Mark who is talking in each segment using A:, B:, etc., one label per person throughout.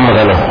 A: kayan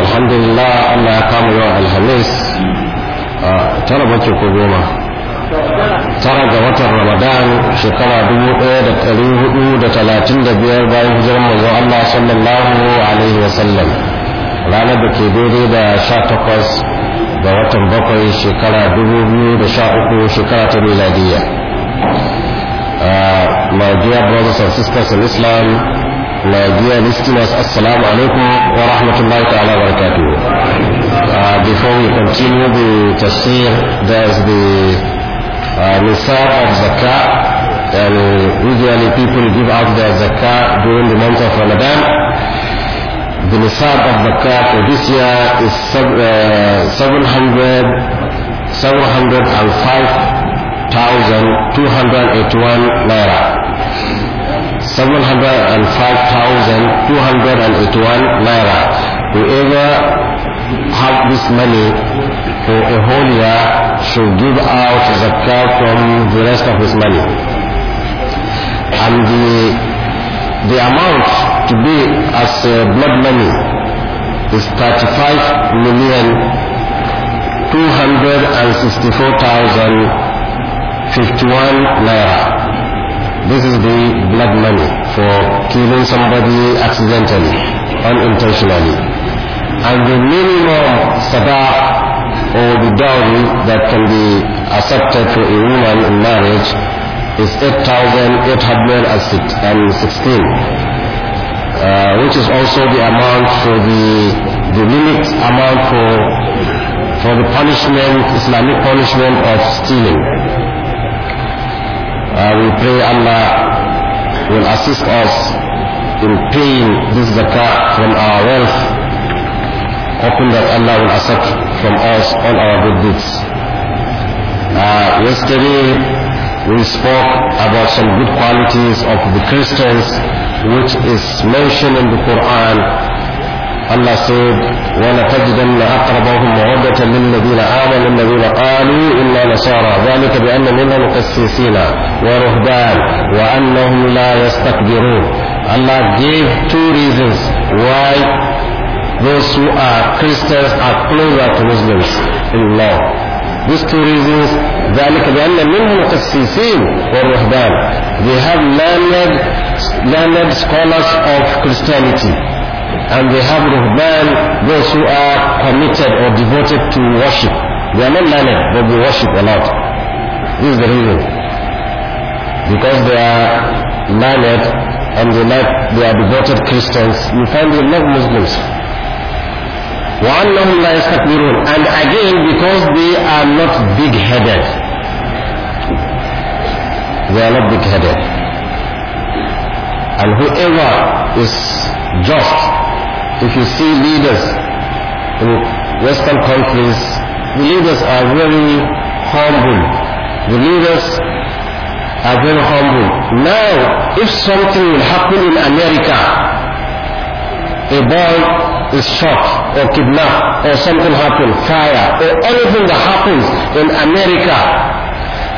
A: alhamdulillah Allah ya kama yau alhamis a tara bace ko goma tara ga watan ramadan shekara 1435 bayan hijirar manzo Allah sallallahu alaihi wasallam ranar da ke daidai da 18 ga watan bakwai shekara 2013 shekara ta miladiyya my dear brothers and sisters in Islam Nigeria listeners, Assalamu alaikum wa rahmatullahi ta'ala wa barakatuh. Uh, before we continue the tafsir, there's the uh, of zakat. And uh, usually people give out their during the month of Ramadan. The nisab of zakat for this year is sub, uh, 700, 705,281 naira. 705,281 naira. Whoever have this money for a whole year should give out zakat from the rest of his money. And the the amount to be as uh, blood money is 35 million 264,051 naira. This is the blood money for killing somebody accidentally, unintentionally. And the minimum sadaq or the dowry that can be accepted for a woman in marriage is 8,816, uh, which is also the amount for the, the limit amount for, for the punishment, Islamic punishment of stealing. Uh, we pray Allah will assist us in paying this zakat from our wealth, hoping that Allah will accept from us all our good deeds. Uh, yesterday, we spoke about some good qualities of the Christians, which is mentioned in the Quran الله سيد ولتجدن أقربهم مودة للذين آمنوا الذين قالوا إنا نصارى ذلك بأن منهم قسيسين ورهبان وأنهم لا يستكبرون Allah gave two reasons why those who are Christians are closer to Muslims in law. These two reasons ذلك بأن منهم قسيسين ورهبان they have learned, learned scholars of Christianity and they have ruhban, those who are committed or devoted to worship. They are not learned, but they worship a lot. This is the reason. Because they are learned and they, like, they are devoted Christians, you find them not Muslims. وأنهم لا يستكبرون and again because they are not big-headed they are not big-headed and whoever is just if you see leaders in Western countries, the leaders are very humble. The leaders are very humble. Now, if something will happen in America, a boy is shot or kidnapped or something happens, fire or anything that happens in America,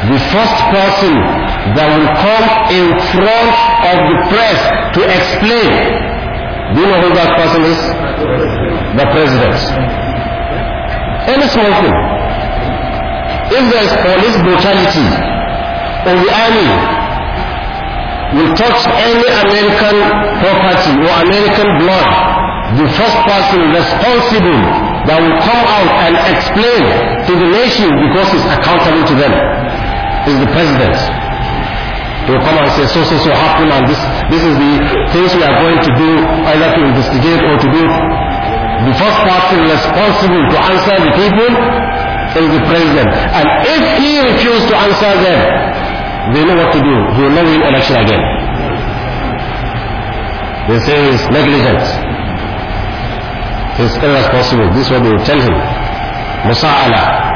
A: the first person that will come in front of the press to explain Do you know who that person is? The president. Any small thing. If there is police brutality in the army, will touch any American property or American blood, the first person responsible that will come out and explain to the nation because he's accountable to them is the president. They will come and say, so, so, so happened, and this, this is the things we are going to do, either to investigate or to do. The first party responsible to answer the people is the president. And if he refuse to answer them, they know what to do. He will never win election again. They say he's negligent. He's irresponsible. This is what they will tell him. Musa'ala.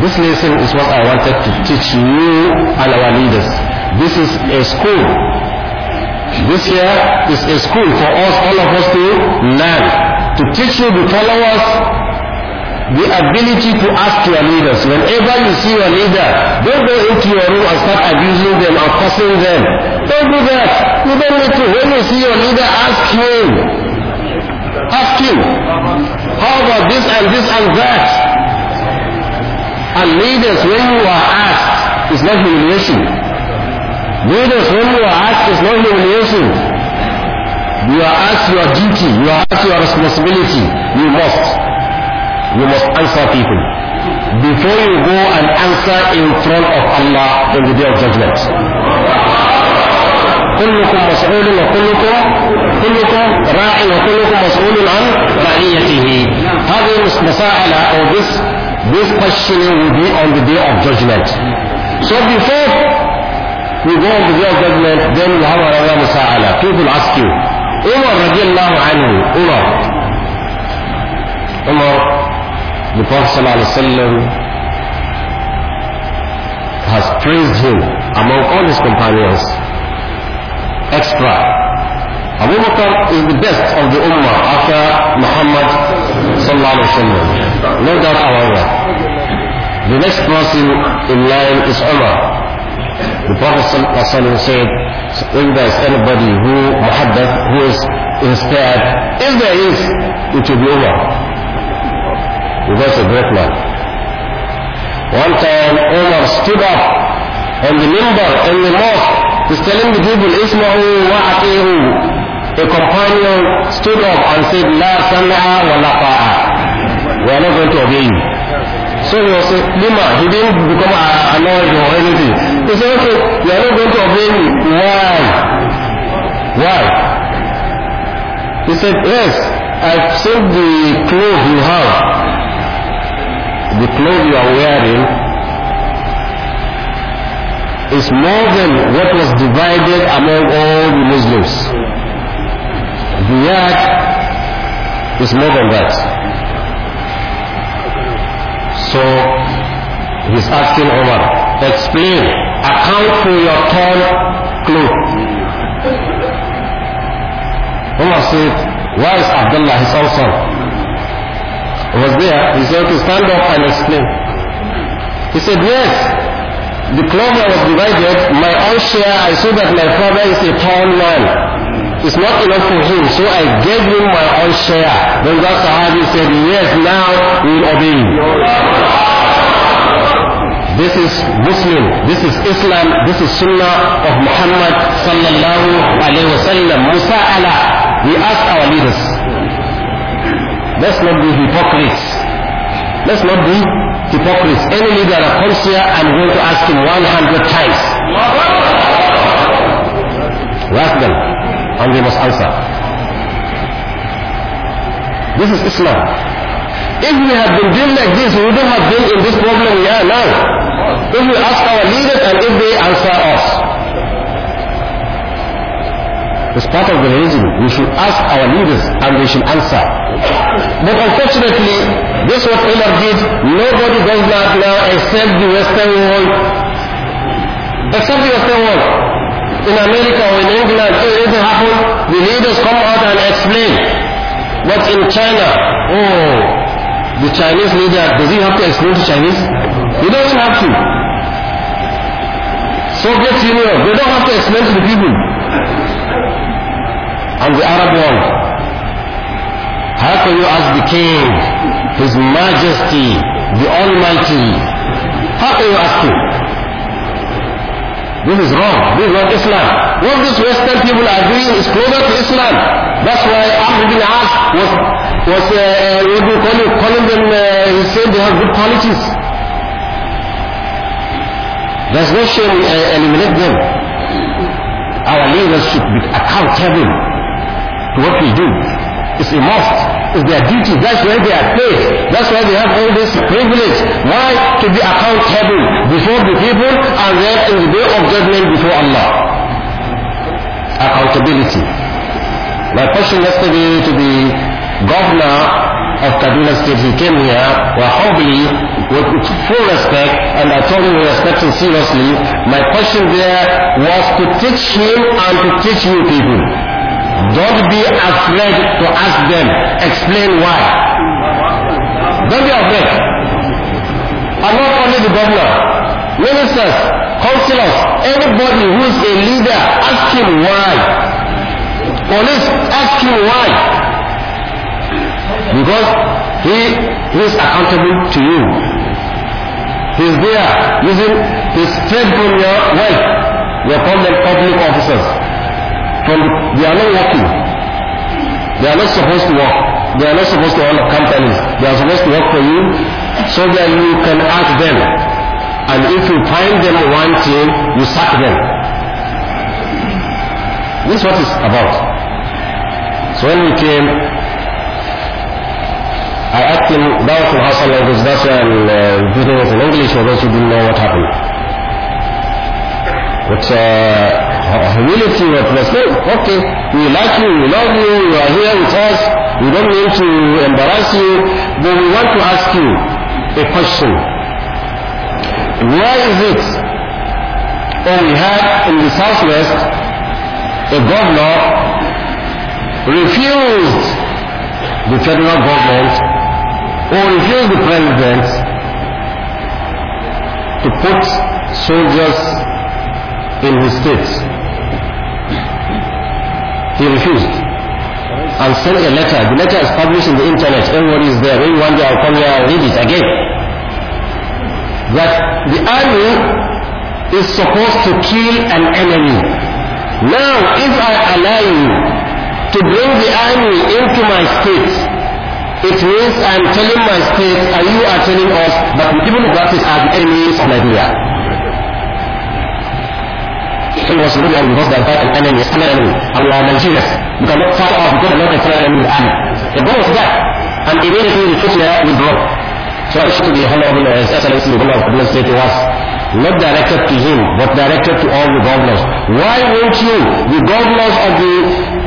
A: This lesson is what I wanted to teach you and our leaders. This is a school. This here is a school for us, all of us to learn. To teach you, the followers, the ability to ask your leaders. Whenever you see your leader, don't go into your room and start abusing them or cursing them. Don't do that. You don't need to. When you see your leader, ask him. Ask him. How about this and this and that?
B: And leaders, when you are asked, is not humiliation. Leaders, when you are asked, is not humiliation.
A: You are asked your duty, you are asked your responsibility. You must. You must answer people. Before you go and answer in front of Allah in the day of judgment. كلكم مسؤول وكلكم كلكم راع وكلكم مسؤول عن رعيته هذه مسألة أو this this questioning will be on the day of judgment. So before we go on the day of judgment, then we have another Musa'ala. People ask you, Umar radiallahu anhu, Umar. Umar, the Prophet sallallahu alayhi wa has praised him among all his companions extra. Abu Bakr is the best of the Ummah after Muhammad Sallallahu Alaihi Wasallam. No doubt however. The next person in line is Umar. The Prophet Sallallahu said, if there is anybody who muhaddath, who is inspired, if there is, it will be Umar. He was a great man. One time Umar stood up on the member in the mosque, is telling the people, اسمعوا واعطيوا a companion stood up and said, La sam'a wa la ta'a. We are not going to obey you. So he was saying, Lima, he didn't become annoyed or anything. He said, okay, you are not going to obey me. Why? Why? He said, yes, I've seen the clothes you have. The clothes you are wearing is more than what was divided among all the Muslims. Riyadh is more than that. So he's asking Omar, explain, account for your torn cloth. Omar said, is Abdullah, his own son? He was there, he said to stand up and explain. He said, yes, the cloth was divided, my own share, I saw that my father is a tall man. is not enough for him. So I gave him my own share. Then that Sahabi said, yes, now we will obey you. This is Muslim. This is Islam. This is Sunnah of Muhammad sallallahu alayhi wa sallam. Musa'ala. We ask our leaders. Let's not be hypocrites. Let's not be hypocrites. Any leader that comes here, I'm going to ask him 100 times. Ask them. and zai masu answer this is islam if we had been doing like this we wouldn't have been in this problem we are now if we ask our leaders and if they answer us it's part of the religion we should ask our leaders and they should answer but unfortunately this what Umar did nobody does that now except the western world except the western world in America or in England, it doesn't happen. The leaders come out and explain. But in China, oh, the Chinese leader, does he have to explain to Chinese? He doesn't have to. Soviet Union, they don't have to explain to the people. And the Arab world. How can you ask the king, his majesty, the almighty? How can you ask him? This is wrong. This is not Islam. What these Western people are doing is closer to Islam. That's why Amr bin As was, was uh, uh what calling you calling them, uh, he said they have good qualities. There's no shame in uh, eliminate them. Our leaders should be accountable to what we do. It's a must. It's their duty. That's where they are paid. That's why they have all this privilege. Why? To be accountable before the people and then in the day of judgment before Allah. Accountability. My question yesterday to the governor of Kaduna State, he came here, well, humbly, with full respect, and I told him we respect him seriously. My question there was to teach him and to teach you people. Don't be afraid to ask them. Explain why. Don't be afraid. And not only the governor, ministers, councillors, anybody who is a leader, ask him why. Police, ask him why. Because he, he is accountable to you. He is there using his faith on your wealth. We call them public officers. And they are not working. They are not supposed to work. They are not supposed to own companies. They are supposed to work for you so that you can ask them. And if you find them wanting, you sack them. This is what it's about. So when we came, I asked him, that was from Hassan, that's why I'm uh, repeating it in English for those who didn't know what happened. It's uh, a humility of Okay, we like you, we love you, you are here with us, we don't mean to embarrass you, but we want to ask you a question. Why is it, that oh, we had in the southwest, a governor refused the federal government or refused the president to put soldiers in his state. He refused. And sent a letter. The letter is published in the internet. Everyone is there. Maybe one day I'll come here and read it again. That the army is supposed to kill an enemy. Now, if I allow you to bring the army into my state, it means I'm telling my state, and you are telling us that the people of that state are the enemies of Nigeria.
B: إن سبيل المفضل ذات الأمل يستمعني الله منزله bukan salah
A: bukan Allah Taala yang Al-An. Ibarat sudah am ini itu fitnah withdraw. Surah Syukur di Allah bin Asal Ismi Allah Qadnas Sayyid Was. Not directed to him, but directed to all the governors. Why won't you, the governors of the,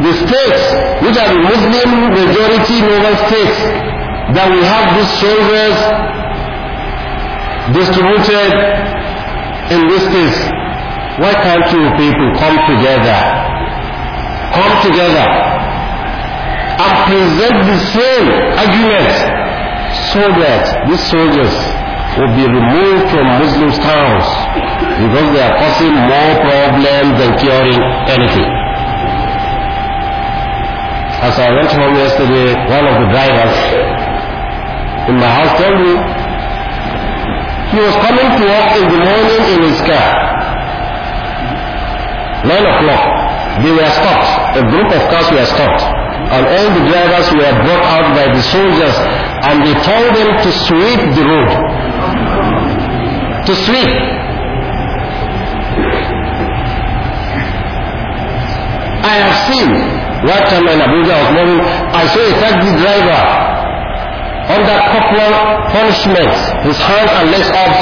A: the states, which are the Muslim majority Novel states, that we have these soldiers distributed in this case, Why can't you people come together? Come together and present the same arguments so that these soldiers will be removed from Muslim towns because they are causing more problems than curing anything. As I went home yesterday, one of the drivers in my house told me he was coming to work in the morning in his car. 9 o'clock, they were stopped. A group of cars were stopped. And all the drivers were brought out by the soldiers and they told them to sweep the road. To sweep. I have seen one time in Abuja was morning, I saw a taxi driver under corporal punishment, his hands and legs off.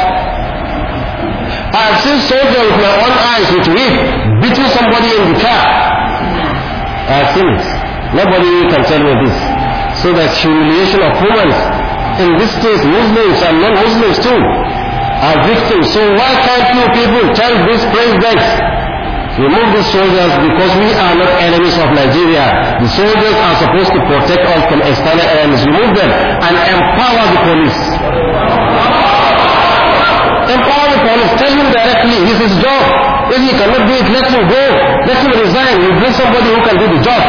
A: I have seen soldiers with my own eyes with whip beating somebody in the car are sins. Nobody can tell me this. So that humiliation of women in this case Muslims and non-Muslims too, are victims. So why can't you people tell these presidents, remove these soldiers because we are not enemies of Nigeria. The soldiers are supposed to protect us from external enemies. Remove them and empower the police. Empower the police. Tell him directly, this is job. If he cannot do it, let him go. Let him resign. You bring somebody who can do the job.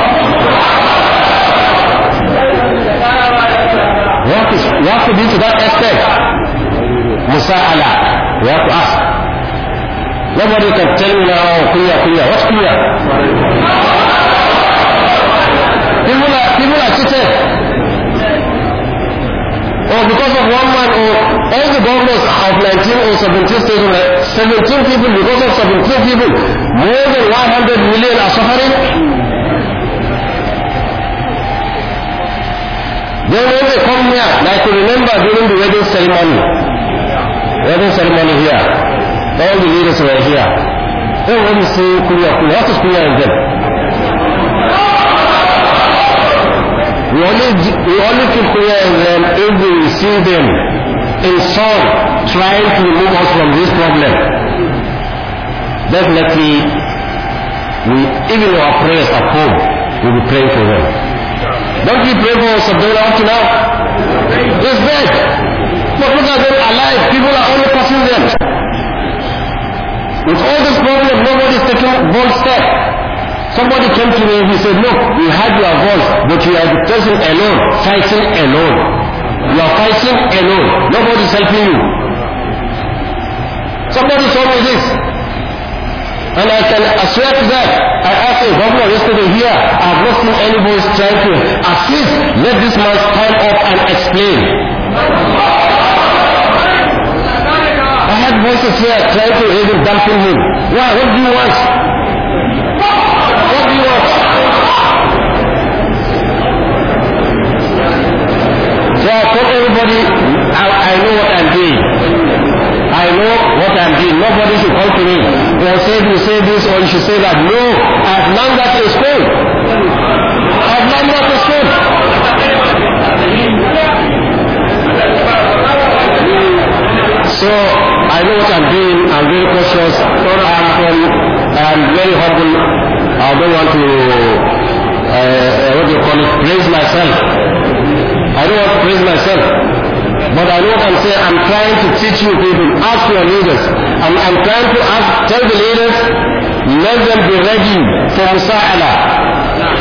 A: You have to, you have to be to that extent. Musa Allah. You have to ask. Nobody can tell me now, oh, clear, clear. What's clear? People are, people are cheated. Or oh, because of one man, or oh, all the governors 19 or 17 states, 17 people, because of 17 people, more than 100 million are suffering.
B: Then when they come here, and I could remember during the wedding ceremony,
A: wedding ceremony here, all the leaders were here. Everybody saying Kuya Kuya, what is Kuya in them? We only, we only keep Kuya in them if we see them in song trying to remove us from this problem. Definitely, we, even our prayers at home, we'll be praying for them. Don't we pray for Sabdullah up to now? It's dead. But look at them alive. People are only passing them.
B: With all this problem, nobody is taking one step. Somebody came to me and he said, Look, we heard your
A: voice, but you are the person alone, fighting alone. You are fighting alone. Nobody is helping you.
B: Somebody told me this.
A: And I i swear to that. I asked a governor yesterday here, I have not seen any anybody trying to assist. Let this man stand up and explain.
C: I
A: had voices here trying to even dampen him. Why? What do you want?
B: What do you want? So
A: I told everybody, I, I know what I know what I'm doing. Nobody should come to me. They will say you say this or you should say that. No, I've learned that to school.
B: I've learned that to school.
A: So I know what I'm doing. I'm very cautious. I'm, I'm very humble. I don't want to, uh, uh what do you call it, Salud and say, I'm trying to teach you people, ask your leaders. I'm, I'm trying to ask, tell the leaders, let them be ready for musa Musa'ala.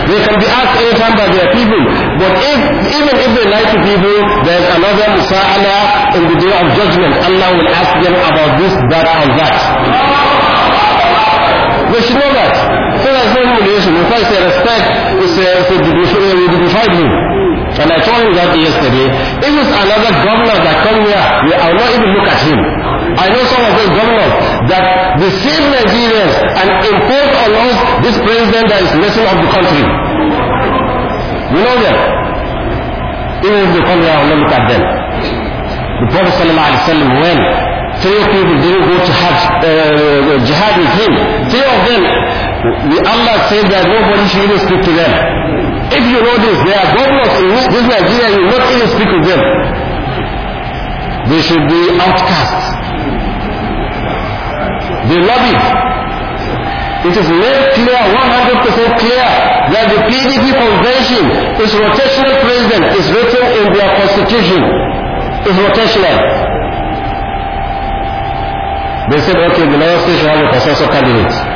A: They can be asked anytime by their people. But if, even if they lie to people, there's another Musa'ala in the day of judgment. Allah will ask them about this, that, and that. They should know that. So there's no humiliation. In say respect is say is a, is a, is a, is And I told him that yesterday. If it's another governor that come here, I will not even look at him. I know some of those governors that the same Nigerians and impose on us this president that is messing up the country.
B: You know that
A: Even if they come here, I will not look at them. The Prophet ﷺ, when three people didn't go to Hajj, uh, uh jihad with him, three of them the Allah said that nobody should even speak to them. If you know this, they are godless in this Nigeria, you will not even speak to them. They should be outcasts.
B: They love it. It is made clear, 100% clear, that the PDP convention is rotational president, is written in their constitution. It's rotational.
A: They said, okay, the Lion State should have a successor candidate.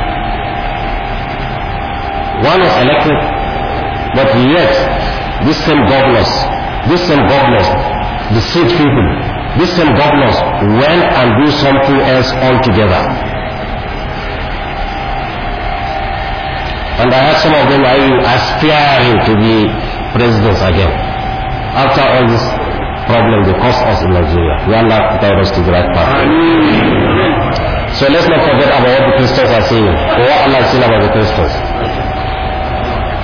A: One is elected, but yet these same governors, these same governors deceive people. These same governors went and do something else altogether. And I had some of them are aspiring to be presidents again. After all this problem they caused us in Nigeria, we are not guide us to the right path. So let's not forget about what the Christians are saying, what Allah is saying about the Christians.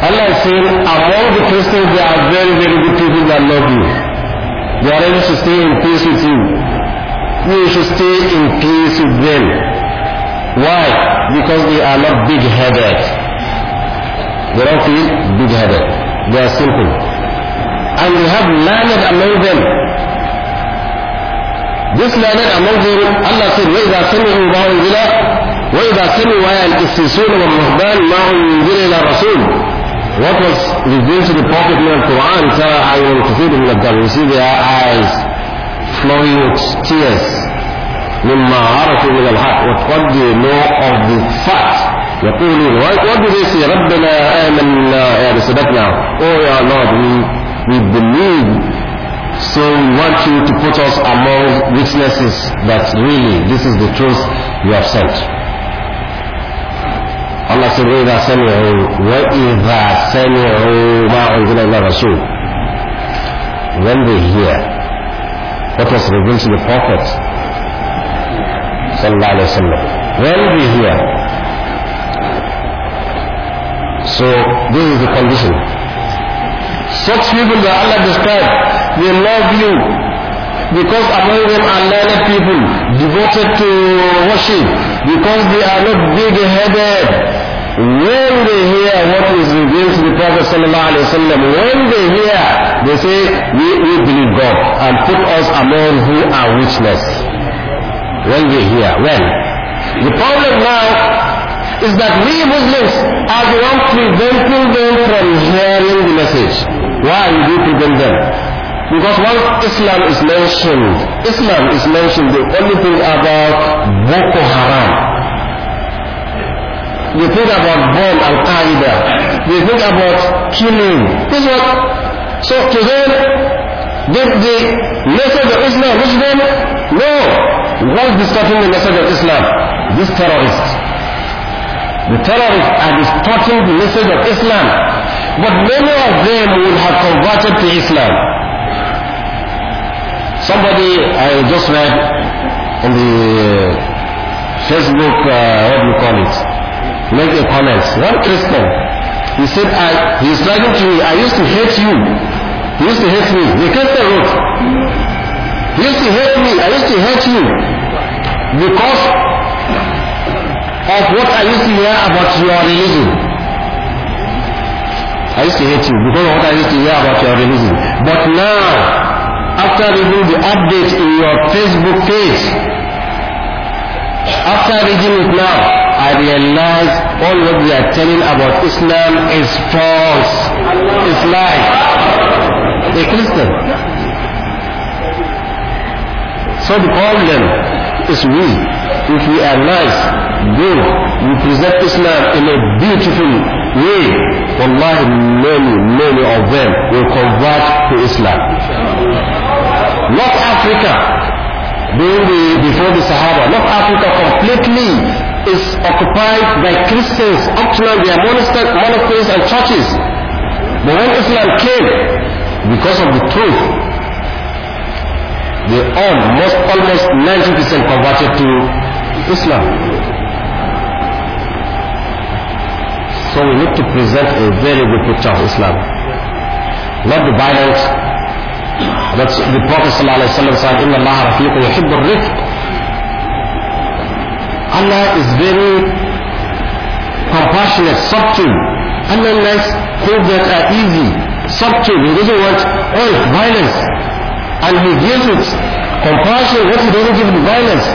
A: Allah is saying, among the Christians, there are very, very good people that love you. They are ready to stay in peace with you. You should stay in peace with them. Why? Because they are not big-headed. They don't feel big-headed. They are simple. And we have learned among them. This learned among them, Allah said, وَإِذَا سَمِعُوا مَا أُنزِلَ وَإِذَا سَمِعُوا آيَ الْإِسْتِسُونَ وَالرَّهْبَانِ مَا أُنزِلَ the الرَّسُولِ What was revealed to the Prophet in the Quran is Sarah Ayun Kufid ibn Abdul. You see their eyes flowing with tears. مما عرفوا من الحق what they know of the fact يقولون what do they say ربنا آمنا يعني صدقنا oh yeah Lord we, we believe so we want you to put us among witnesses that really this is the truth you have sent Allah sun ga idza sami'u wa idza sami'u ma unzila ila rasul when they hear what was revealed to the prophet sallallahu alaihi wasallam when they hear so this is the condition such people that Allah described they love you because among them are learned people devoted to worship because they are not big headed. When they hear what is revealed to the Prophet alaihi ﷺ, when they hear, they say, we, we believe God and put us among who are witness. When they hear, when? The problem now is that we Muslims are the ones preventing them from hearing the message. Why do you prevent them? Because once Islam is mentioned, Islam is mentioned, the only thing about Boko Haram. They think about bomb Al Qaeda. They think about killing. This is what. So to them, the, the message of Islam reach them? No. What is distorting the message of Islam? These terrorists. The terrorists are distorting the message of Islam. But many of them will have converted to Islam. Somebody I just read in the uh, Facebook, uh, what do you call it? Make a comment. One Christian, he said, I, he is writing to me, I used to hate you. He used to hate me. The Christian wrote, He used to hate me, I used to hate you. Because of what I used to hear about your religion. I used to hate you because of what I used to hear about your religion. But now, after reading the update in your Facebook page, after reading it now, I realize all what they are telling about Islam is false. It's lie. A Christian. So the problem is we. If we are nice, good, we present Islam in a beautiful way, wallahi many, many of them will convert to Islam. North Africa, the, before the Sahara, North Africa completely is occupied by Christians. Up to now, they are monasteries and churches. But when Islam came, because of the truth, they all, most, almost 90% converted to Islam. So we need to present a very good picture of Islam. Not the violent that's the Prophet ﷺ said, Inna Allah rafiqu rifq. Allah is very compassionate, subtle. Allah likes things that are easy, subtle. He doesn't want all violence. And he gives it compassion, what he doesn't give it violence.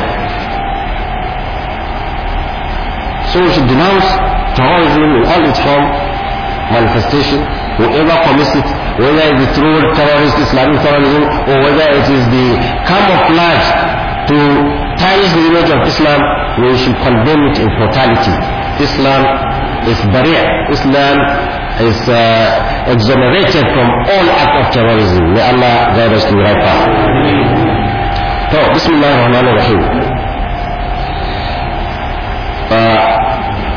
A: So we should denounce terrorism in all its form, manifestation whoever commits it, whether it is through terrorist Islamic terrorism or whether it is the camouflage to tarnish the image of Islam, we should condemn it in totality. Islam is bari'ah. Islam is uh, exonerated from all act of terrorism. May Allah guide us to the right path. So, Bismillah ar-Rahman ar-Rahim. Uh,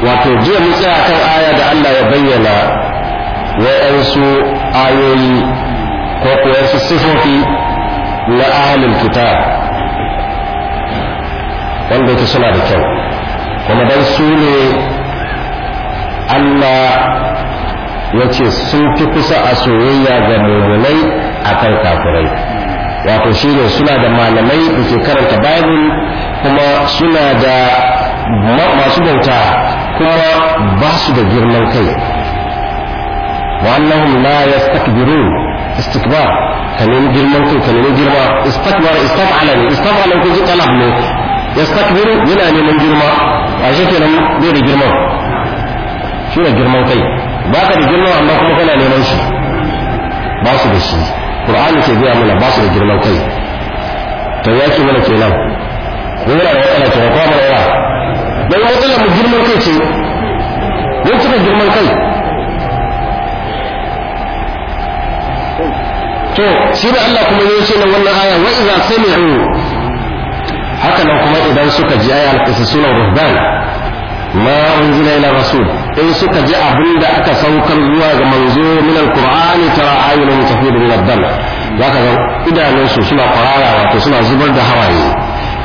A: wato jiya mun tsaya aya da Allah ya bayyana wa'yansu ayoyi ko kuwansu sifofi na ahalin kitab wanda yake suna da kyau kuma dan su ne Allah ya ce sun fi kusa a soyayya ga mummunai a kan kafirai wato shi ne suna da malamai da ke karanta bible kuma suna da masu bauta kuma ba su da girman kai وأنهم لا يستكبرون استكبار كان يجي المنطق كان يجي ما استكبر استفعل استفعل أن كنت طلبني يستكبر من أن من جرما عشان كنا بير جرما شو الجرما كي بعد الجرما ما هو مكان أن ينشي باص بشي القرآن كذي أمنا باص الجرما كي تياك من الكلام ولا لا لا تقوم ولا لا لا يقول لهم الجرما كي شو يقول لهم الجرما كي, كي.
B: to shi da Allah kuma ya ce nan wannan aya wa idza sami'u
A: haka nan kuma idan suka ji aya al-qisasuna ruhban ma unzila ila rasul in suka ji abinda aka saukar zuwa ga manzo min al-qur'ani tara ayyuna mutafidu min ad-dam zaka ga idanunsu suna kwarara wato suna zubar da hawaye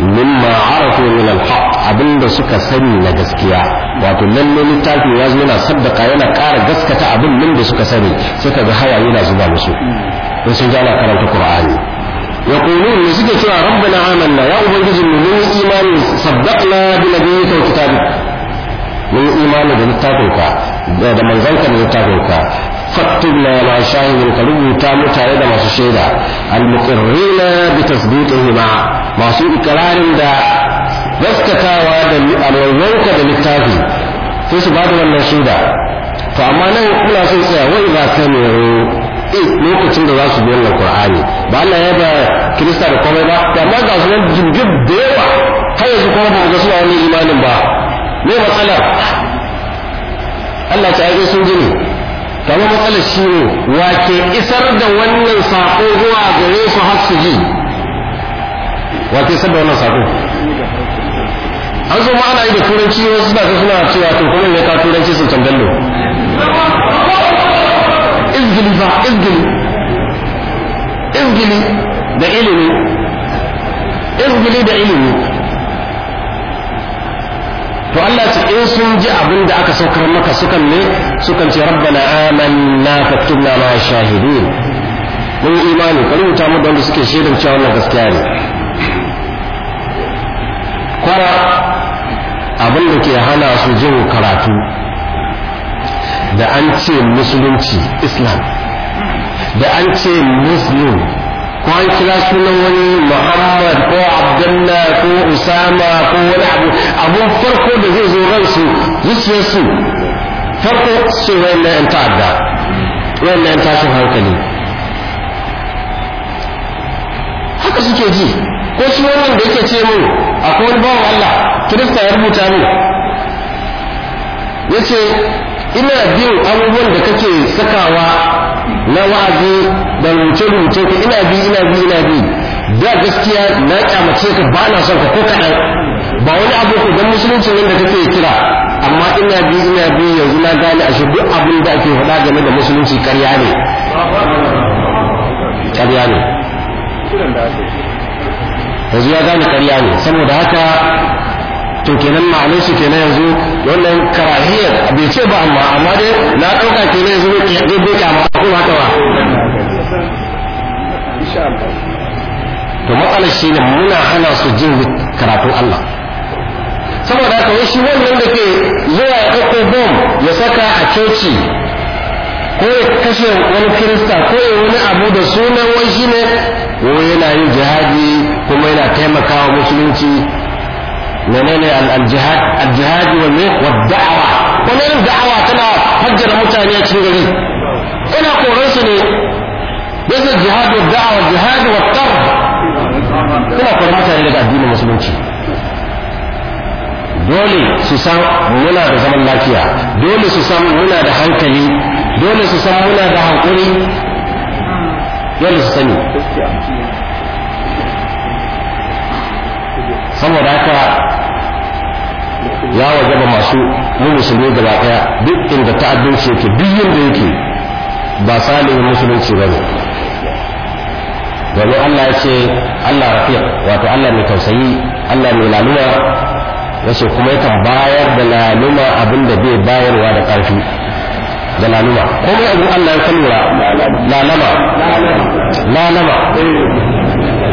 A: mimma arafu min al-haqq abin da suka sani na gaskiya wato lalle littafi ya zo yana saddaka yana ƙara gaskata abin nan da suka sani suka ga haya yana zuba musu in sun ji ana karanta qur'ani ne suke يقولون نسيك يا ربنا آمنا يا أبنجز من إيمان صدقنا بنبيك وكتابك من إيمان imani da manzanka da littafinka faktubna ma shahidin ka rubuta mutane da masu shaida al-muqirrina bi tasdiqihi ma masu ikrarin da gaskatawa da alwaiwanka da littafi sai su bada wannan shaida to amma nan kuna son tsaya wani wa idza sami'u lokacin da za su bi na ƙur'ani? ba Allah ya ba kirista da komai ba da amma ga su nan jirgin da yawa har yanzu kuma ba ga suna wani imanin ba me matsalar Allah ta yi sun jini kama matsalar shi ne ke isar da wannan sako zuwa gare su har su ji Wa ke da wannan sako an zo ma'ana ana yi da turanci wasu suna suna cewa to kuma ne ka turanci sun can dallo izgili ba izgili izgili da ilimi izgili da ilimi to Allah ce in sun ji abin da aka saukar maka sukan ne sukan ce rabbana amanna faktubna ma shahidin mun yi imani ka wuta mu da wanda suke shaidan cewa wannan gaskiya ne kwara abin da ke hana su jin karatu da an ce musulunci islam da an ce muslim ko an kira sunan wani muhammad ko abdullah ko usama ko wani abu abun farko da zai zo ransu zuciyarsu farko su wayannan yan ta'adda wayannan yan tashin hankali haka suke ji ko shi wannan da yake ce mu akwai wani bawan allah kirista ya rubuta min ya ce ina biyu abubuwan da kake sakawa na wa'azi da rubuce-rubuce ka ina bi ina bi ina bi da gaskiya na kyamace ka ba na son ka ko kaɗan ba wani abu ku don musulunci wanda kake kira amma ina bi ina bi yanzu na gane a duk abin da ake faɗa game da musulunci karya ne karya ne
C: yanzu ya gane karya ne saboda
A: haka to kenan ma'anar shi kenan yanzu wannan karahiyar bai ce ba amma amma dai na ɗauka kenan yanzu zai bai kyama ko haka ba to matsalar shi ne muna hana su jin karatun Allah saboda haka shi wannan da ke zuwa ya ɗauko bom ya saka a coci ko ya kashe wani kirista ko ya wani abu da sunan wani shi ne ko yana yin jihadi kuma yana taimakawa musulunci menene al-jihad al-jihad wa ne wa da'awa wannan da'awa tana hajjara mutane a cikin gari ina koran su ne
B: yasa jihad wa da'awa jihad wa tar ina koran mutane daga addinin musulunci
A: dole su san muna da zaman lafiya dole su san muna da hankali dole su san muna da hankali dole su sani saboda haka ya wajaba masu mu musulmi gaba daya duk inda ta'addanci yake duk yadda yake ba salihin musulunci ba ne domin Allah ya ce Allah rafiq wato Allah mai tausayi Allah mai laluma ya ce kuma yakan bayar da laluma abin da bai bayarwa da ƙarfi da laluma Kuma abin Allah ya kan lalama lalama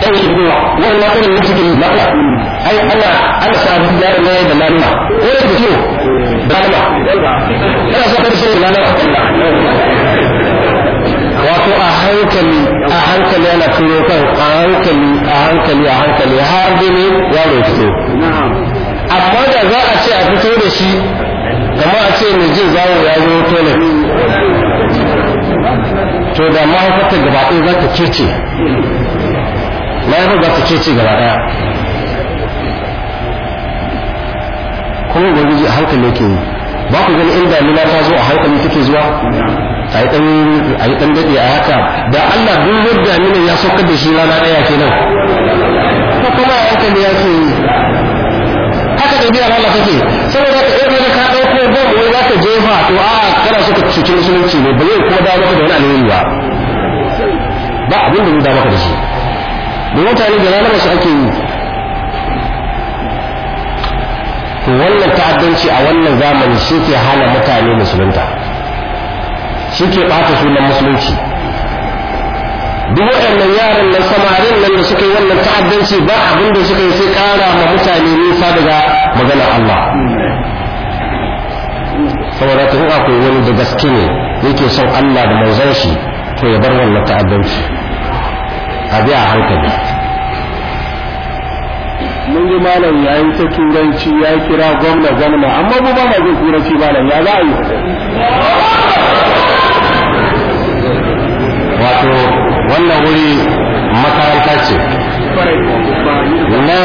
A: ɗaure ruwa wannan irin na cikin lafiya ai ana ana sa abu da ne da lalima ko da kiyo lalima kana sa ka shi lalima wato a hankali a hankali ana turo kan a hankali a hankali a hankali har gini ya fito amma da za a ce a fito da shi kamar a ce mai jin zawo ya zo toilet
B: to da ma haka gaba ɗaya za ta
A: ce laifin za ta ce ci gaba daya kuma ubangiji a hankali yake yi ba ku gani inda nuna ta zo a hankali take zuwa a yi dan daɗe a haka da Allah duk yadda damina ya saukar da shi rana ɗaya kenan ko kuma a hankali ya
B: ke yi haka ɗabi'ar
C: rana take saboda ka irin ka ɗauko bom wai za ka jefa to a kana so ka cuci musulunci
A: ne ba yau kuma dawo maka da wani alheri ba ba abin da zai dawo maka da shi da mutane da rana su ake yi to wannan ta'addanci a wannan zamani shi ke hana mutane musulunta shi ke ɓata sunan musulunci duk waɗannan yaran nan samarin nan da suka yi wannan ta'addanci ba abin da suka yi sai ƙara ma mutane nisa daga magana Allah saboda ta akwai wani da gaske ne yake son Allah da manzon shi to ya bar wannan ta'addanci a hankali mun ji malam ya yi ta ganci ya kira gwamna gwamna amma ba ma jin ci malam ya za a yi wato wannan wuri makaranta ce na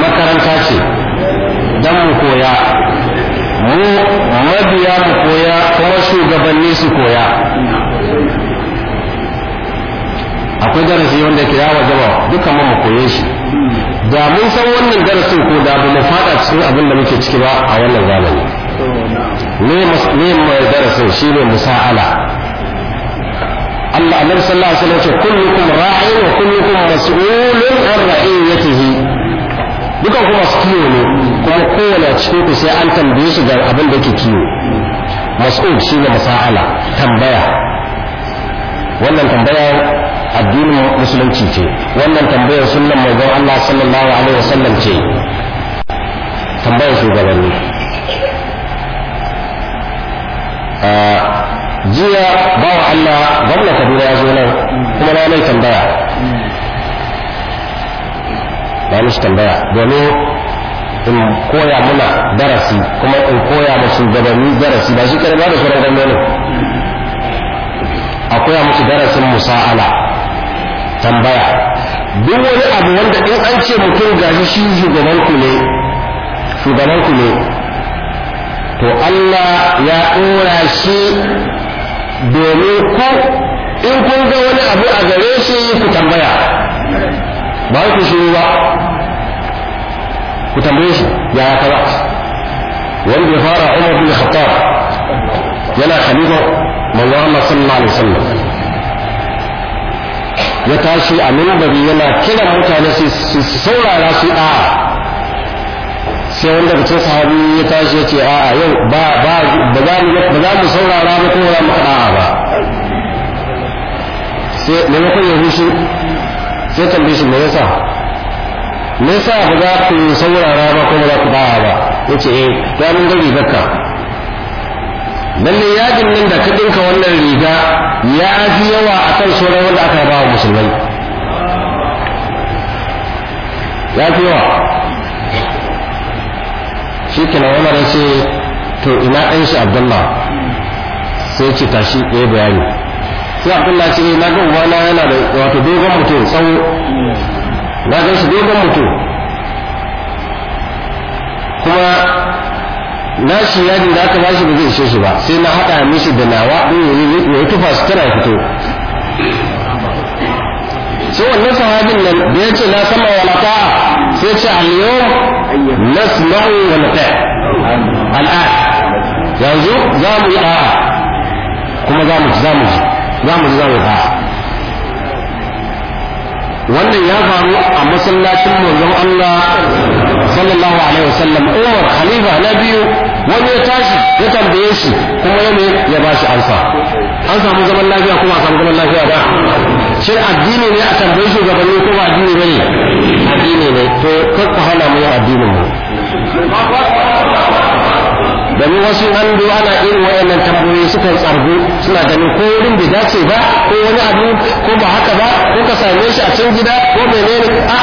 A: makaranta ce don mu koya mu mabiya mu koya kuma shugabanni su koya akwai darasi wanda ke ya duka dukkan mu koye shi
B: da mun san wannan darasin ko da ba mu fada cikin abin da muke
A: ciki ba a wannan zamani ne mai darasin shi ne musa'ala Allah annabi sallallahu alaihi wasallam ce kullukum ra'in wa kullukum mas'ulun an ra'iyatihi duka ku masu kiwo ne kuma kowane cikin ku sai an tambaye shi ga abin da yake kiwo mas'ul shi ne musa'ala tambaya wannan tambaya addinin musulunci ce wannan tambayar sunan manzon Allah sallallahu alaihi wasallam ce tambayar shugabanni
B: jiya bawa Allah gwamna Kaduna ya zo nan kuma na mai tambaya
A: ba mishi tambaya domin in koya muna darasi kuma in koya da shugabanni darasi ba shi kada ba da sauran gwamnati a koya musu darasin musa'ala tambaya duk wani abu wanda in an ce mutum gashi shi shugaban ku ne shugaban ku ne to Allah ya ɗora shi domin ku in kun ga wani abu a gare shi ku tambaya ba ku shiru ba ku tambaye shi ya ya kaza wanda ya fara Umar bin Khattab yana khalifa manzo Allah sallallahu alaihi wasallam
B: ya tashi a minbari yana
A: kiran mutane su saurara su a sai wanda bace sahabi ya tashi ya ce a'a yau ba ba za mu saurara ba ko za mu a'a ba sai ko ya rushe sai tambaye bishi me yasa me yasa ba za ku saurara ba ko ba za ku ba ba yace eh ya mun gari bakka lalle yajin nan da ka dinka wannan riga ya fi yawa akan sauran wanda aka ba wa musulmai ya fi yawa shi kenan umar ya ce to ina ɗan shi abdullah sai ce tashi ɗaya bayani sai abdullah ce eh, na ga uwana yana da wato dogon mutum tsawo na ga shi dogon mutum kuma na shi yadi da aka bashi ba zai ishe shi ba sai na haɗa mishi da nawa ɗin ya yi tufa sutura fito
B: sai wannan sahabin nan da ya ce na sama wa lata
A: sai ce aliyo nasma'u wa lata al'ad yanzu za mu yi a'a kuma za mu ji za mu ji za mu yi wannan ya faru a masallacin manzon Allah sallallahu alaihi wasallam Umar khalifa na biyu wani ya tashi ya tambaye shi kuma ya ne ya ba shi alfa an samu zaman lafiya kuma a samu zaman lafiya ba shin addini ne a tambaye shi gabanni ko ba addini ne addini ne to kakka hana mu yin addinin mu domin wasu an ana irin wayannan tambayoyi suka tsargu suna ganin ko wurin bai dace ba ko wani abu ko ba haka ba ko ka same shi a can gida ko menene a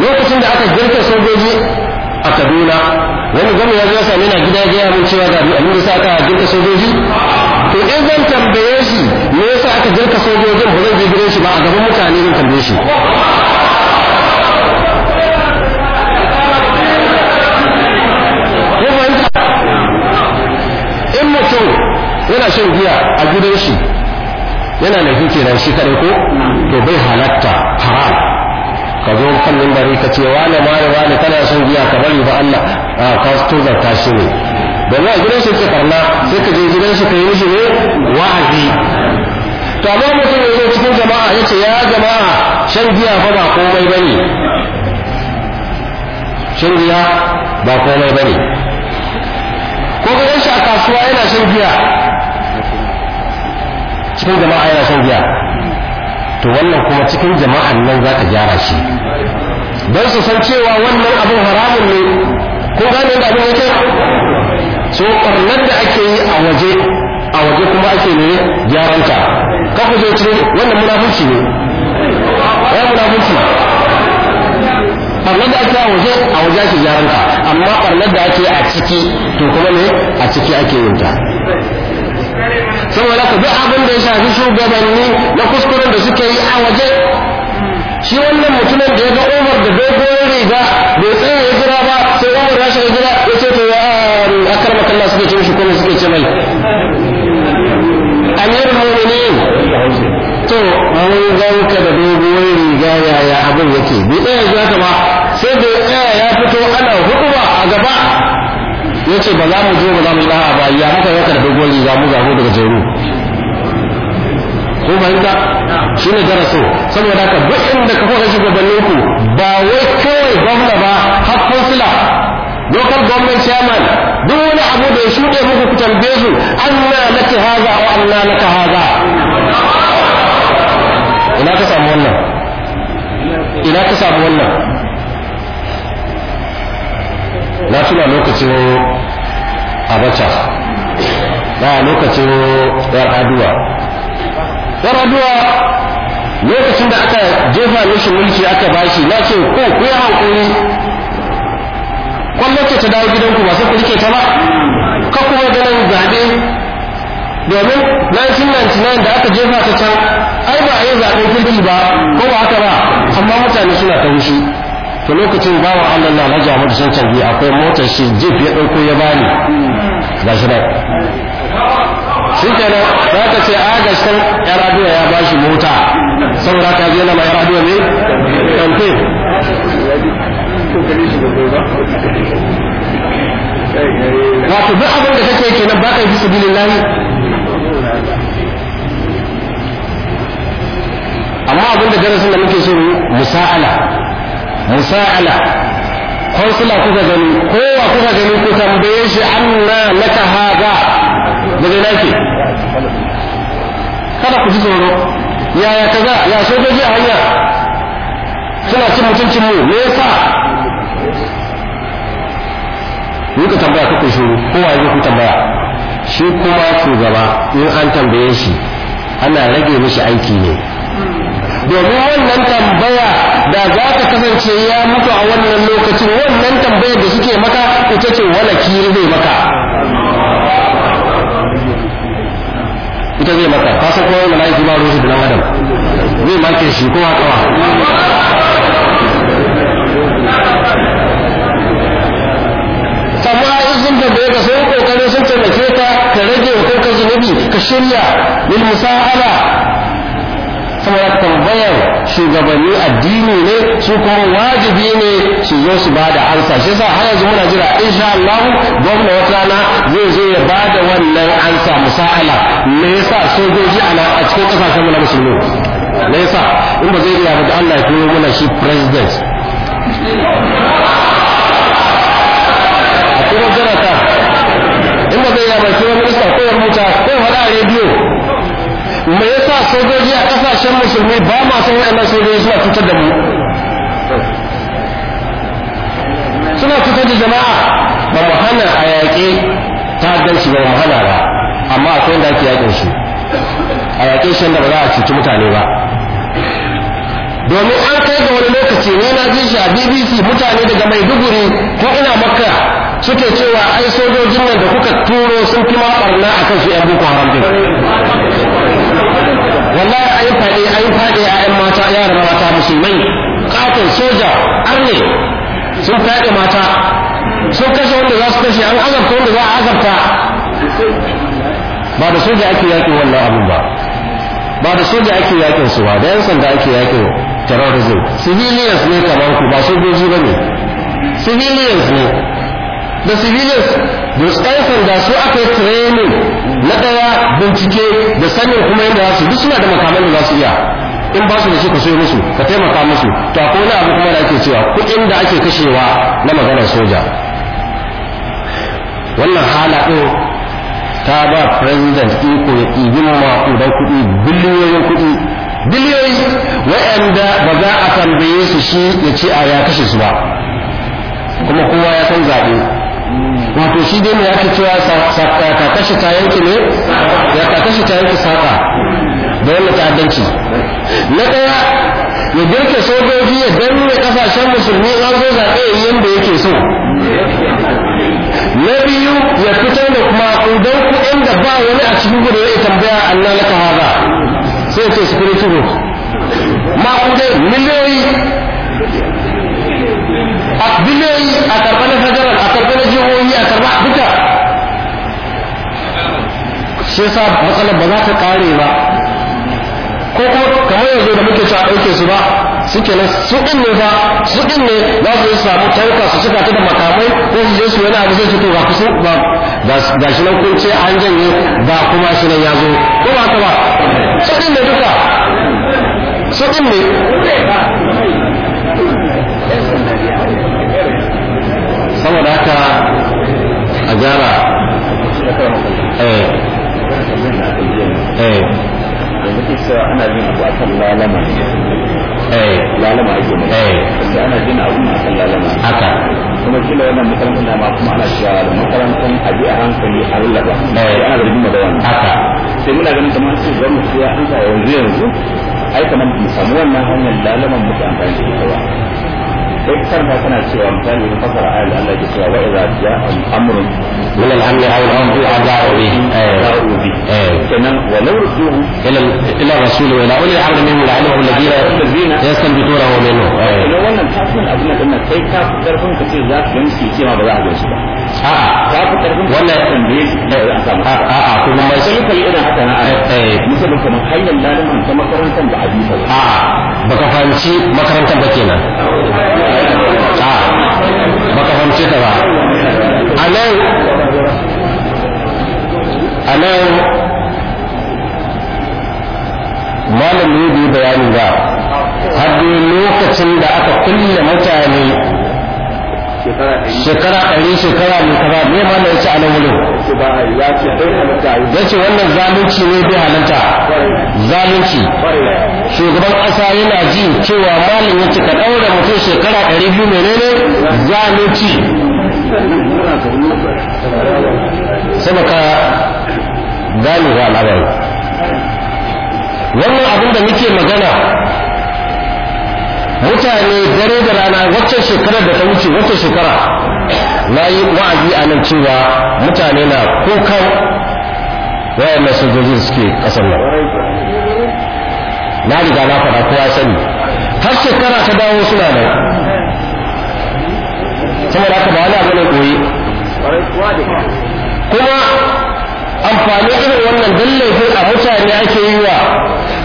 A: lokacin da aka girka sojoji a Kaduna wani gwamna ya zo same na gida ga yaron cewa ga abin da aka girka sojoji to in zan tambaye shi me yasa aka girka sojojin ba zan je gidan shi ba a gaban mutane zan tambaye shi yana shan giya a gidan shi yana laifin da shi kare ko to bai halatta haram ka zo kan mimbari ka ce wani wane wane kana shan giya ka bari ba Allah a ka tozarta shi ne domin a gidan shi ke karna sai ka je gidan shi ka yi mishi ne wa'azi
B: to amma mutum ya zo cikin jama'a ya ce ya jama'a shan giya fa ba komai bane
A: shan giya ba komai bane ko gidan shi a kasuwa yana shan giya cikin jama'a yana son giya to wannan kuma cikin jama'an nan za ka gyara shi don su san cewa wannan abin haramun ne ko gane da abin yake so ɓarnar da ake yi a waje
B: a waje kuma ake
A: ne gyaranta ka ku zo wannan munafunci ne ya munafunci ɓarnar da ake a waje a waje ake gyaranta amma ɓarnar da ake a ciki to kuma ne a ciki ake yin ta
B: saboda ka bi abin da ya shafi shugabanni na kuskuren da suke yi a waje
A: shi wannan mutumin da ya ga umar da dogon riga bai tsaye ya jira ba sai umar ya shiga gida ya ce to ya ah, akar makalla suke ce mishi kuma suke ce mai amir mu'minin to an ganka da dogon riga yaya abin yake bai tsaye ya jira ba sai bai ya ya fito ana hudu ba a gaba ya ce ba za mu je ba za mu yi da'a ba ya muka yaka da dogon riga mu zago daga jeru ko fahimta shi ne daraso saboda ka duk inda ka kuka shugabannin ku ba wai kawai gwamna ba har kansila local government chairman duk wani abu da ya shuɗe muku ku tambaye su na ta haza na na laka haza ina ka samu wannan ina ka samu wannan na tuna lokacin abacha na lokacin yar aduwa yar aduwa lokacin da aka jefa mishi mulki aka bashi na ce ko ku yi hankali
B: gwamnati ta dawo gidanku ba sai ku rike ta ba ka kuma ganin zaɓe
A: domin 1999 da aka jefa ta can ai ba a yi zaɓen kirki ba ko ba haka ba amma mutane suna ta wushi to lokacin bawan Allah na Alhaji da san canji akwai motar shi jeep ya ɗauko ya bani ga shi da shi kenan za ka ce a san ya raduwa ya bashi mota saboda ka je na ma ya raduwa ne kamfe
C: wato duk abin da kake kenan ba ka yi bisa bilin lahi amma abin
A: da darasin da muke so mu sa'ala musa'ala konsula kuka gani kowa kuka gani ku tambaye shi anna laka haza daga nake
C: kada ku ji tsoro yaya kaza ya sojoji a
A: hanya
B: suna cin mutuncin mu me yasa
A: muka tambaya kuka shiru kowa ya ku tambaya shi kuma shugaba in an tambaye shi ana rage mishi aiki ne domin wannan tambaya da za ka kasance ya mutu a wannan lokacin wannan tambayar da suke maka ita ce wala kiri zai maka ita zai maka ka san kowa mala'iki ba rushe da adam zai make shi kowa kawa amma in sun tambaye ka sun kokarin sun taimake ka ka rage wa kanka zunubi ka shirya lil musa'ala saboda tambayar shugabanni addini ne su kuma wajibi ne su zo su bada ansa shi yasa har yanzu muna jira insha Allah gwamna wata rana zai zo ya bada wannan ansa musa'ala me yasa sojoji ana a cikin kasashen mu na musulmi me yasa in ba zai iya ba Allah ya turo mana shi president
B: a turo jarata in ba zai iya ba turo minista ko ya rubuta ko ya faɗa a rediyo me yasa sojoji a kasashen musulmi ba ma san annan sojoji suna cutar da mu suna cutar da jama'a ba mu hana a yaƙe ganci ba mu hana ba amma akwai da ake yaƙin shi a yaƙe shi da ba za a cuci mutane ba
A: domin an kai ga wani lokaci ne na ji shi a bbc mutane daga maiduguri ko ina makka suke cewa ai sojojin nan da kuka turo sun fi ma barna a kan su yan boko haram din wallahi ai fadi ai fadi a yan mata yaran mata musulmai katon soja arne sun fadi mata sun kashe wanda za su kashe an azabta wanda za a azabta
B: ba da soja ake yakin wannan abin ba ba da soja ake yakin su ba da yan sanda ake
A: yakin terrorism civilians ne kamar ku ba sojoji ba ne civilians ne da civilians da su da su aka yi training na ɗaya bincike da sanin kuma yadda za su duk suna da makaman da za su iya in ba su da shi ka soya musu ka taimaka musu to akwai wani abu kuma da ake cewa kuɗin da ake kashewa na maganar soja wannan hala ɗin ta ba president iko ya ɗibi maƙudan kuɗi biliyoyin kuɗi biliyoyi waɗanda ba za a tambaye su shi ya ce a ya kashe su ba kuma kowa ya san zaɓe wato shi dai mai ake cewa kakashi ta yanki ne ya kakashi ta yanki saka da wannan ta'addanci na ɗaya ya girke sojoji ya danne kasashen musulmi an zo zaɓe yadda yake so na biyu ya fitar da kuma udan kuɗin da ba wani a cikin gudu ya tambaya anna laka haza sai ce security vote ma miliyoyi
B: a biliyoyi a karɓar na karɓi na jihohi a karɓa duka shi yasa matsalar ba za ta ƙare ba
A: ko ko kamar yanzu da muke cewa ɗauke su ba suke nan su ɗin ne ba su ɗin ne za su yi samu tanka su cika ta da makamai ko su je su yana abu zai fito ba ku kusa ba ga shi nan kun ce an janye ba kuma shi nan ya zo ko ba ka ba su ɗin ne duka su ɗin ne saboda haka a gyara eh eh, eh. eh. haka kuma wannan makarantar ma kuma ana da makarantar a a hankali a eh. ana da wannan haka sai muna ganin kamar su zama su ya yanzu yanzu ai kamar mu samu wannan hanyar lalaman muke da ba sai sarda tana cewa misali da fasara ayar da Allah ke cewa wa idza ja'a amrun min al-amn aw al-amru ada'u bi ada'u bi kenan wa law rusuhu ila ila rasul wa ila ulil amri minhum la'anahum alladhina yastanbitunahu minhu eh wannan tasirin abin da nan sai ka fi karfin ka ce za ka yanke cewa ba za a gansu ba a'a ka fi karfin wannan tambaye da za a samu a'a kuma mai sai kai irin haka na eh musulun kuma hanyar lalimin ta makarantar da hadisa a'a baka fahimci makarantar ba kenan a ah, baka fahimce ta ba a nan a nan malam bayani ba
C: har lokacin da aka kulle mutane
A: shekara ɗari shekara ne kaza me ma na yace a nan wurin yace wannan zalunci ne bai halatta zalunci shugaban ƙasa yana ji cewa malin yace ka ɗaura mutum shekara ɗari biyu menene zalunci saboda gane ga al'amari wannan abin da muke magana mutane dare da rana wacce shekarar da ta wuce wacce shekara na yi wa'azi a nan cewa mutane na kukan wayannan sojojin suke kasar nan na riga na faɗa kowa sani har shekara ta dawo suna nan
B: saboda haka ba wani abu ne koyi kuma
C: amfani irin wannan dallafin a mutane ake yi wa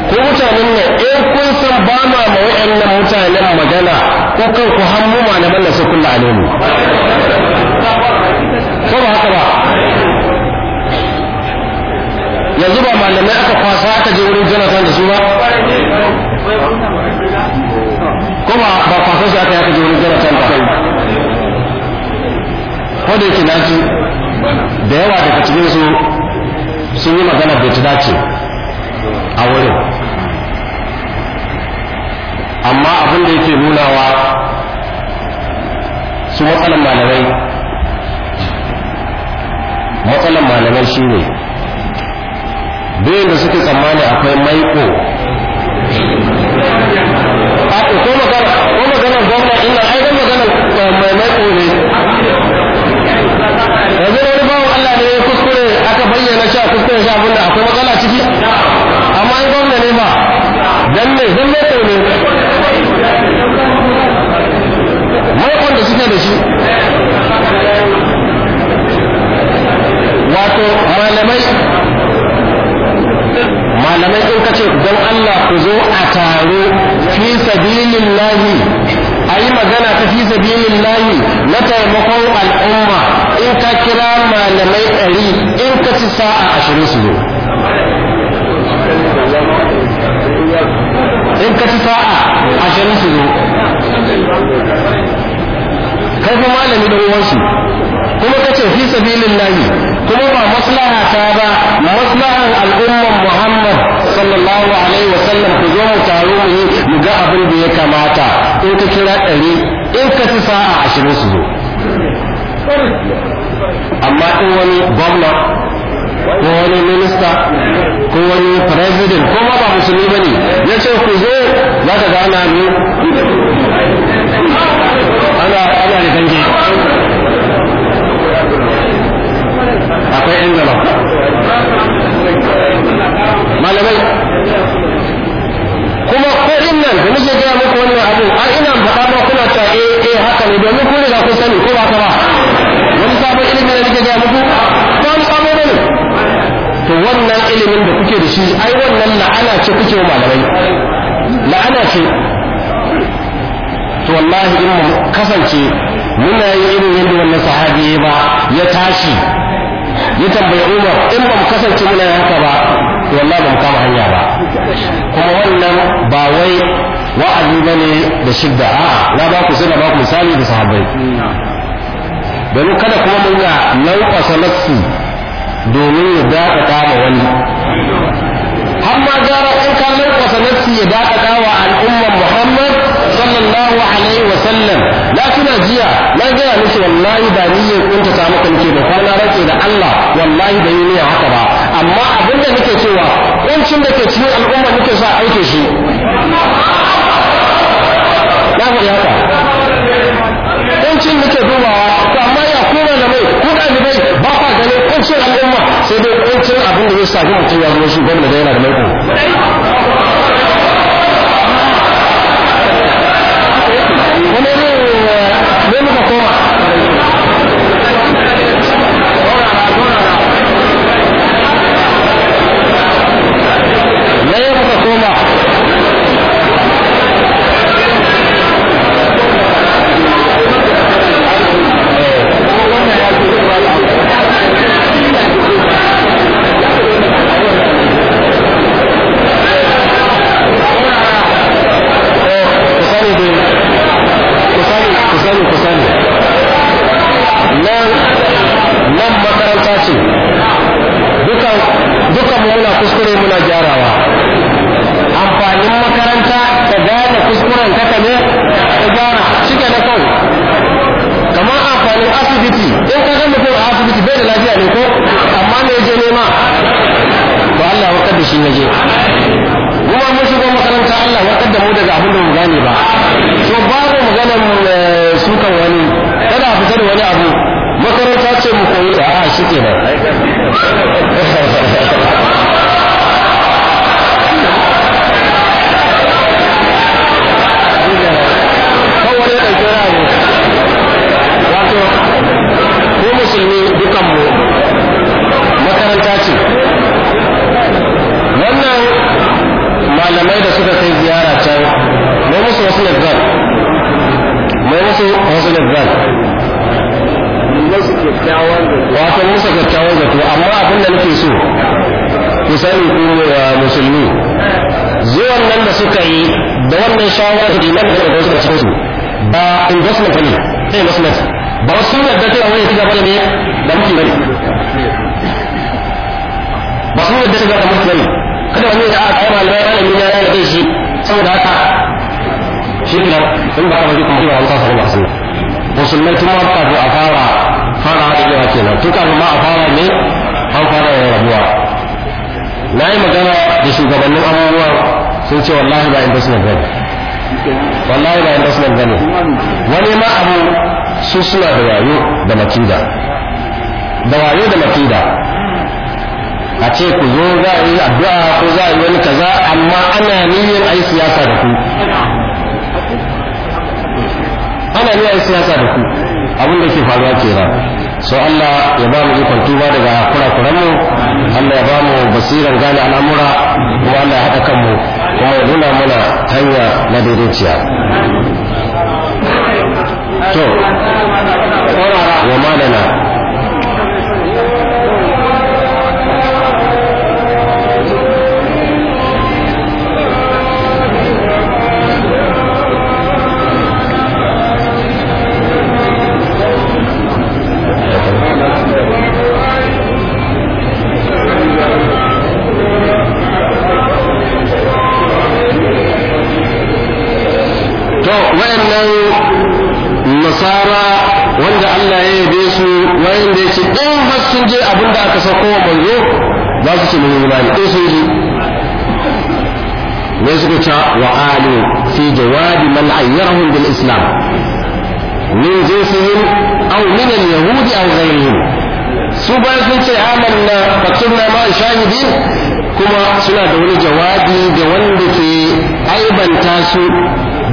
C: ko mutanen nan in eh, kun san ba ma
A: ma wa'annan mutanen magana ko kan ku hannu na da sai kullu alaihi ko ba haka ba yanzu ba malamai aka kwasa aka je wurin jonathan da su ba ko ba ba kwasa su aka yaka je wurin jonathan ba ko da yake naji da yawa daga cikin su sun yi magana bai ci dace a wurin amma abin da yake nunawa su matsalan malamai matsalan malamai shi ne da suke tsammani akwai maiko ah, ko magana gwamna ina ai da magana eh, mai maiko ne yanzu wani bawan Allah ne ya kuskure aka bayyana shi a kuskure shi abinda akwai matsala ciki amma ai gwamna ne ba don ne ina da shi wato malamai malamai in ka ce don Allah ku zo a taro fi sabilin lahi a yi magana ta fi sabilin lahi na taimakon al'umma in ka kira malamai ɗari in ka ci sa'a ashirin su
C: zo in ka ci sa'a ashirin su zo
A: kai fi malami dan uwansu kuma kace fi sabilillahi kuma ba maslaha ta ba maslahan al'umman Muhammad sallallahu alaihi wa sallam, ku zo mu taro mu yi mu ga abin da ya kamata in ka kira ɗari in ka ci sa'a ashirin su zo amma in wani gwamna ko wani minista ko wani president ko ma ba musulmi ba ne ya ce ku zo za ka gana
C: ana ne ana ana da kange akwai yan gaba malamai
A: kuma ko nan da muke gaya muku wannan abu an ina faɗa ba kuna ta eh eh haka ne domin kun riga kun sani ko
B: ce ai wannan la'ana ce kuke wa malamai la'ana ce to wallahi in mu kasance
A: muna yi irin yadda wannan sahabi ba ya tashi ya tambayi Umar in ba mu kasance muna haka ba wallahi ba mu kama hanya ba kuma wannan ba wai wa'azi bane da shidda a'a na ba ku sai ba ku misali da sahabbai domin kada kuma mun ga nauƙasa nafsi domin ya dakata ma wani amma gara in ka lankwasa nafsi ya dakata wa al'ummar muhammad sallallahu alaihi wa sallam na tuna jiya na gaya musu wallahi ba ni yin kunta ta maka nake ba kwana rake da Allah wallahi da yi haka ba amma da nake cewa kuncin da ke cikin al'ummar nake sa aike shi na haka kuncin nake dubawa to amma ya kuma da mai da mai kuncin al'umma sai dai kuncin abin da zai sami mutum ya zama shi gwamna da yana da maiko wani sun ce wallahi ba suna gani wallahi ba suna gani wani ma abu su suna da wayo da makida da wayo da makida a ce ku zo za a yi addu'a ko za a yi wani kaza amma ana niyyar a yi siyasa da ku ana niyyar a yi siyasa da ku abin da ke faruwa kenan so Allah ya ba mu ikon tuba daga kurakuran mu Allah ya ba mu basiran gane al'amura kuma Allah ya haɗa kanmu kuma ya nuna mana hanya na daidaiciya to wa malana Wayan nan nasara wanda Allah ya yabe su wayanda ya ce dan har sun je abin da aka sako wa manzo za su ce mun imani in sun ji ne suka ce wa alu fi jawabi man ayyarahum bil islam min jinsihim aw min al yahudi aw ghayrihim su ba sun ce amanna fatunna ma shahidin kuma suna da wani jawabi da wanda ke aibanta su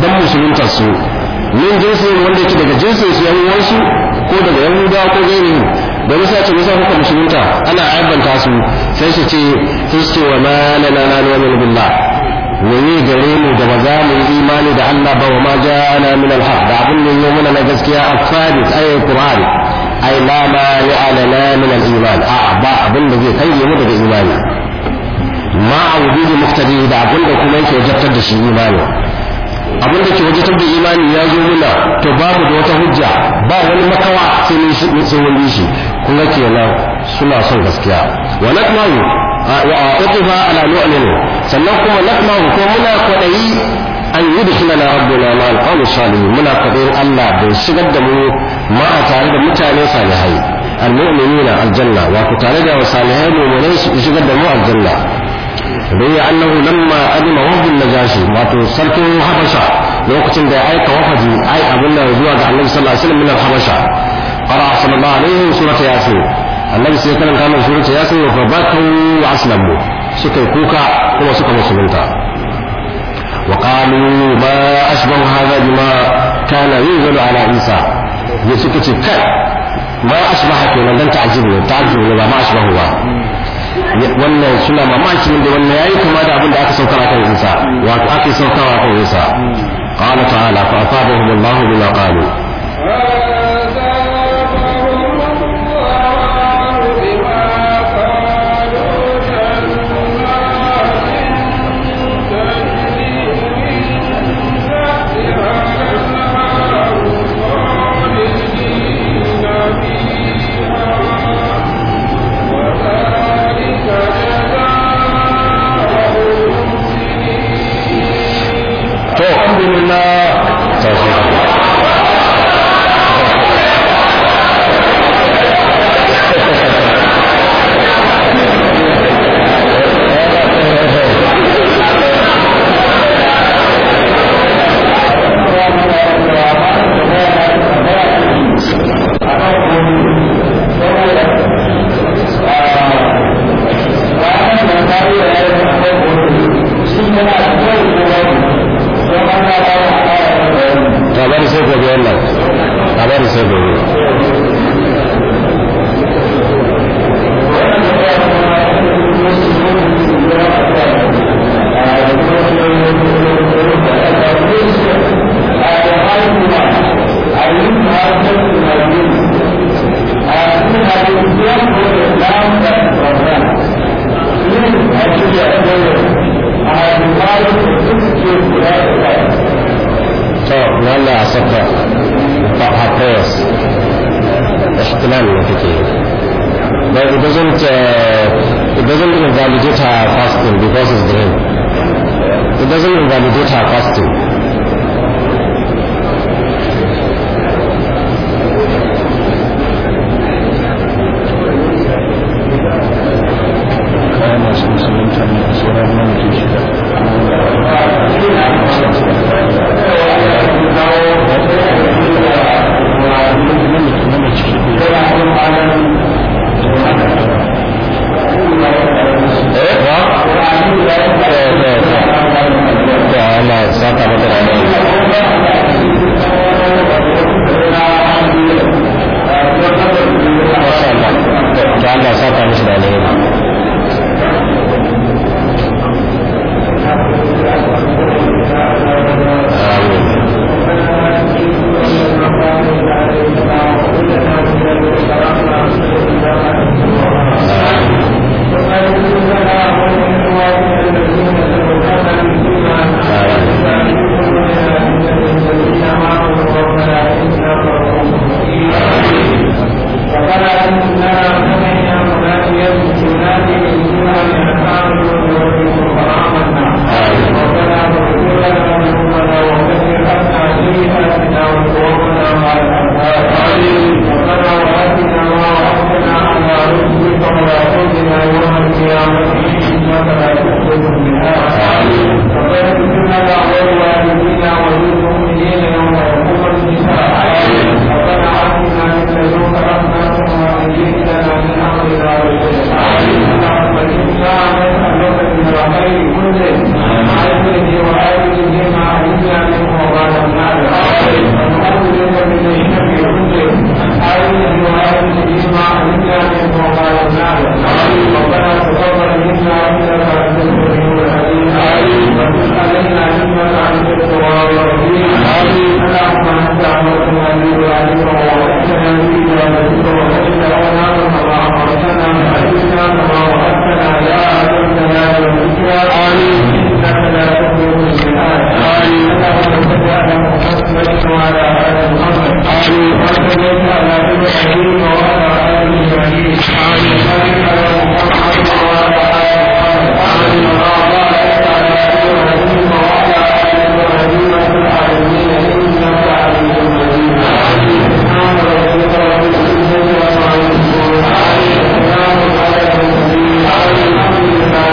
A: dan musulunta su min jinsin wanda yake daga jinsin su yan uwansu ko daga yahuda ko gairin da musa ce musa kuka musulunta ana aibanta su sai su ce sai su ce wa ma lana la nu'min billah wani gare mu da ba za mu yi imani da Allah ba wa ma ja'ana min al-haq da abin da yau muna na gaskiya a fadi ayat qur'an ai la ma ya'lana min al-iman a ba abin da zai kai mu daga imani ma a wujudi muftadi da abin da kuma yake jattar da shi imani abin da ke wajatar da imani ya zo muna to babu da wata hujja ba wani makawa sai mun sai mun shi kuma kenan suna son gaskiya wa nakmahu wa aqtuha ala nu'min sannan kuma nakmahu ko muna kwadayi an yi da dukkan na rabbuna ma alqawl salihin muna kwadayin Allah bai shigar da mu ma a tare da mutane salihai al-mu'minina aljanna wa ku tare da salihai mu'minai su shigar da mu aljanna bai annahu lamma adima wahdu najashi wato sarkin habasha lokacin da ya aika wafaji ai abin nan zuwa ga annabi sallallahu alaihi wasallam min habasha qara sallallahu alaihi surata yasin annabi sai karanta mai surata yasin wa fabatu wa aslamu suka kuka kuma suka musulunta wa qalu ma ashbahu hadha bima kana yunzalu ala isa ya suka ce kai ma ashbaha kenan dan ta'jibu ta'jibu ba ma ashbahu ba wannan suna mamaki da wannan yayi kuma da abin da aka saukar akan Isa wato aka saukar akan Isa qala ta'ala fa asabahu Allahu bil qalu